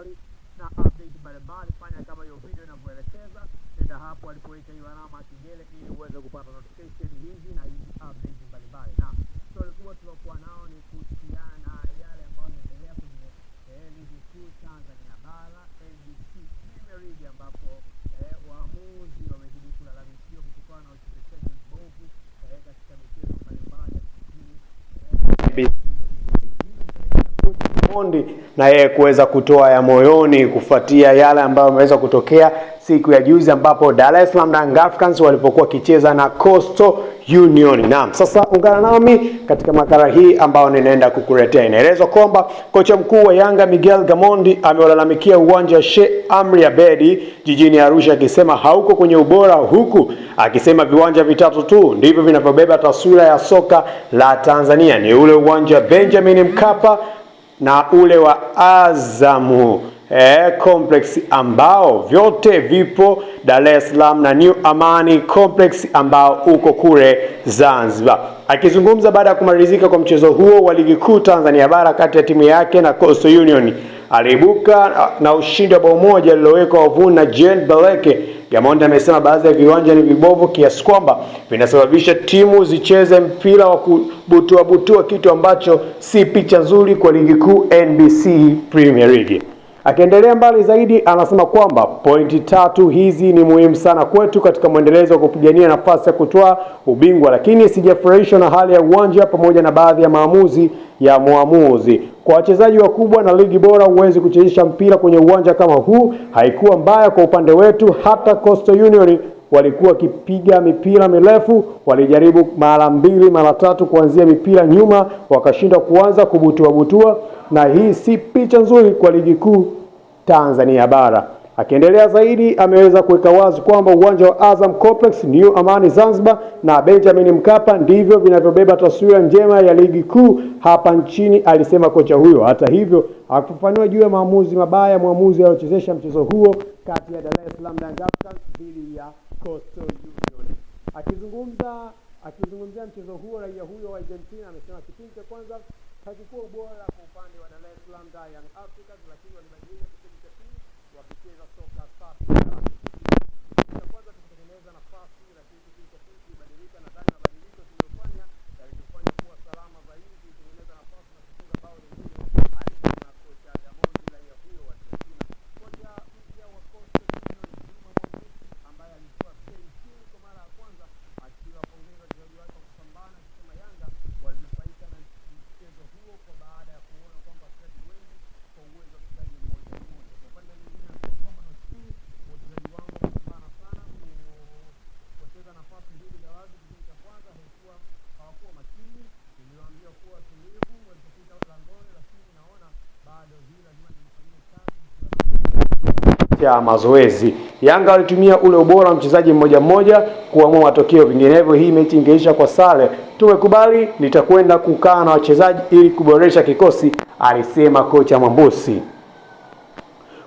mbalimbali na update mbalimbali. Fanya kama hiyo video inavyoelekeza, nenda hapo alipoweka hiyo alama ya kengele ili uweze kupata notification hizi na hizi. Diamond na yeye kuweza kutoa ya moyoni kufuatia yale ambayo yameweza kutokea siku ya juzi ambapo Dar es Salaam Young Africans walipokuwa wakicheza na Coastal Union. Naam, sasa ungana nami katika makala hii ambayo ninaenda kukuletea. Inaelezwa kwamba kocha mkuu wa Yanga Miguel Gamondi amewalalamikia uwanja wa Sheikh Amri Abedi jijini Arusha akisema hauko kwenye ubora, huku akisema viwanja vitatu tu ndivyo vinavyobeba taswira ya soka la Tanzania, ni ule uwanja wa Benjamin Mkapa na ule wa Azamu eh, complex ambao vyote vipo Dar es Salaam na New Amani complex ambao uko kule Zanzibar. Akizungumza baada ya kumalizika kwa mchezo huo wa ligi kuu Tanzania bara kati ya timu yake na Coastal Union aliibuka na ushindi wa bao moja lililowekwa wavuni na Jean Baleke. Gamondi amesema baadhi ya viwanja ni vibovu kiasi kwamba vinasababisha timu zicheze mpira wa kubutuabutua, kitu ambacho si picha nzuri kwa ligi kuu NBC Premier League. Akiendelea mbali zaidi, anasema kwamba pointi tatu hizi ni muhimu sana kwetu katika mwendelezo wa kupigania nafasi ya kutoa ubingwa, lakini sijafurahishwa na hali ya uwanja pamoja na baadhi ya maamuzi ya mwamuzi. Kwa wachezaji wakubwa na ligi bora, huwezi kuchezesha mpira kwenye uwanja kama huu. Haikuwa mbaya kwa upande wetu, hata Coastal Union walikuwa wakipiga mipira mirefu, walijaribu mara mbili mara tatu kuanzia mipira nyuma, wakashinda kuanza kubutua butua, na hii si picha nzuri kwa ligi kuu Tanzania bara. Akiendelea zaidi, ameweza kuweka wazi kwamba uwanja wa Azam Complex New Amani Zanzibar na Benjamin Mkapa ndivyo vinavyobeba taswira njema ya ligi kuu hapa nchini, alisema kocha huyo. Hata hivyo, hakufafanua juu ya maamuzi mabaya mwamuzi aliyochezesha mchezo huo kati ya Dar es Salaam Young Africans dhidi ya Costo Juniors. Akizungumza akizungumzia mchezo huo, raia huyo wa Argentina amesema kipindi cha kwanza hakikuwa bora kwa upande wa Dar es Salaam Young Africans, lakini walibadilisha kipindi cha pili wakicheza soka safi. ya mazoezi. Yanga walitumia ule ubora wa mchezaji mmoja mmoja kuamua matokeo, vinginevyo hii mechi ingeisha kwa sare. Tumekubali, nitakwenda kukaa na wachezaji ili kuboresha kikosi, alisema kocha Mwambusi.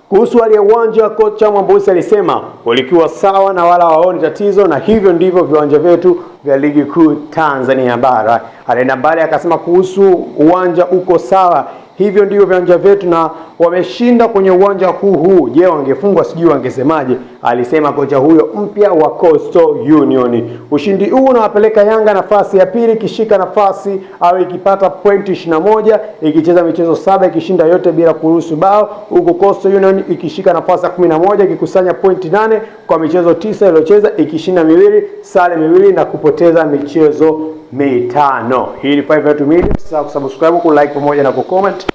Kuhusu aliye uwanja, kocha Mwambusi alisema ulikuwa sawa na wala waoni tatizo, na hivyo ndivyo viwanja vyetu vya ligi kuu Tanzania bara. Alienda mbali akasema kuhusu uwanja uko sawa, Hivyo ndivyo viwanja vyetu, na wameshinda kwenye uwanja huu huu. Je, wangefungwa sijui wangesemaje? alisema kocha huyo mpya wa Coastal Union. Ushindi huu unawapeleka Yanga nafasi ya pili ikishika nafasi au ikipata pointi 21 ikicheza michezo saba ikishinda yote bila kuruhusu bao, huku Coastal Union ikishika nafasi ya 11 ikikusanya pointi 8 kwa michezo tisa iliyocheza ikishinda miwili, sare miwili na kupoteza michezo mitano. Hii ni 5 Media, usisahau kusubscribe, kulike pamoja na kucomment.